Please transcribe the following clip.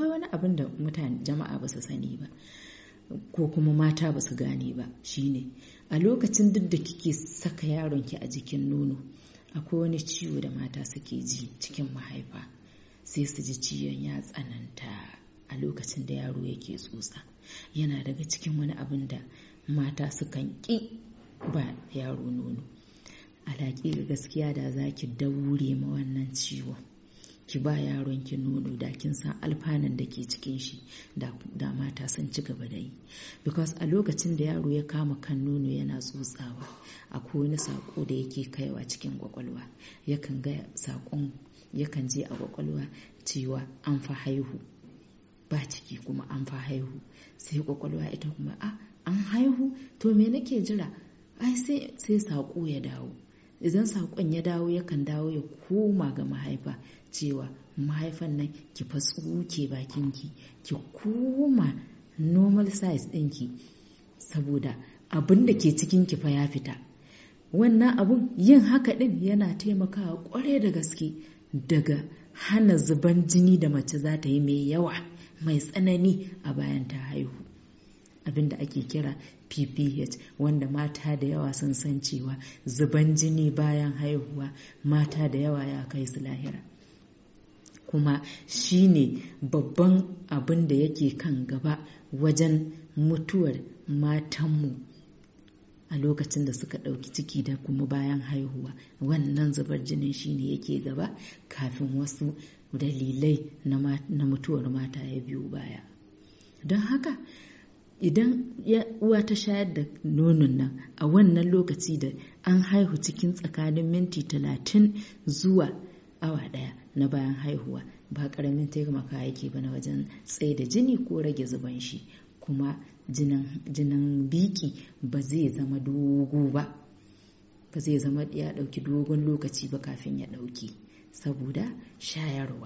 akwai wani abin da mutane jama'a ba su sani ba ko kuma mata ba su gane ba shine a lokacin duk da kike saka yaronki a jikin nono akwai wani ciwo da mata suke ji cikin mahaifa sai su ji ciwon ya tsananta a lokacin da yaro yake tsotsa yana daga cikin wani abin da mata sukan ƙi ba yaro nono alaƙi ga gaskiya da za ki daure ma wannan ciwon ki ba yaron ki nono da kin san alfanan da ke cikin shi da mata sun ci gaba da yi because a lokacin da yaro ya kama kan nono yana tsotsawa akwai wani sako da yake kaiwa cikin kwakwalwa yakan ga sakon yakan je a kwakwalwa cewa an fa haihu ba ciki kuma an fa haihu sai kwakwalwa ita kuma a ah, an haihu to me nake jira ai sai saƙo ya dawo idan saƙon ya dawo yakan dawo ya koma ga mahaifa cewa mahaifan nan ki fa tsuke bakinki ki koma normal size ɗinki saboda abin da ke cikinki fa ya fita wannan abun yin haka ɗin yana taimakawa ƙwarai da gaske daga hana zuban jini da mace za ta yi mai yawa mai tsanani a bayan ta haihu Abin da ake kira pph wanda mata da yawa sun san cewa zuban jini bayan haihuwa mata da yawa ya kai su lahira kuma shi ne babban abin da yake kan gaba wajen mutuwar matanmu a lokacin da suka ɗauki ciki da kuma bayan haihuwa wannan zubar jinin shine yake gaba kafin wasu dalilai na mutuwar mata ya biyo baya don haka idan uwa ta shayar da nonon nan a wannan lokaci da an haihu cikin tsakanin minti talatin zuwa awa daya na bayan haihuwa ba karamin taimaka yake ba na wajen tsaye da jini ko rage zuban shi kuma jinin biki ba zai zama dogo ba ba zai zama ya ɗauki dogon lokaci ba kafin ya ɗauki saboda shayarwa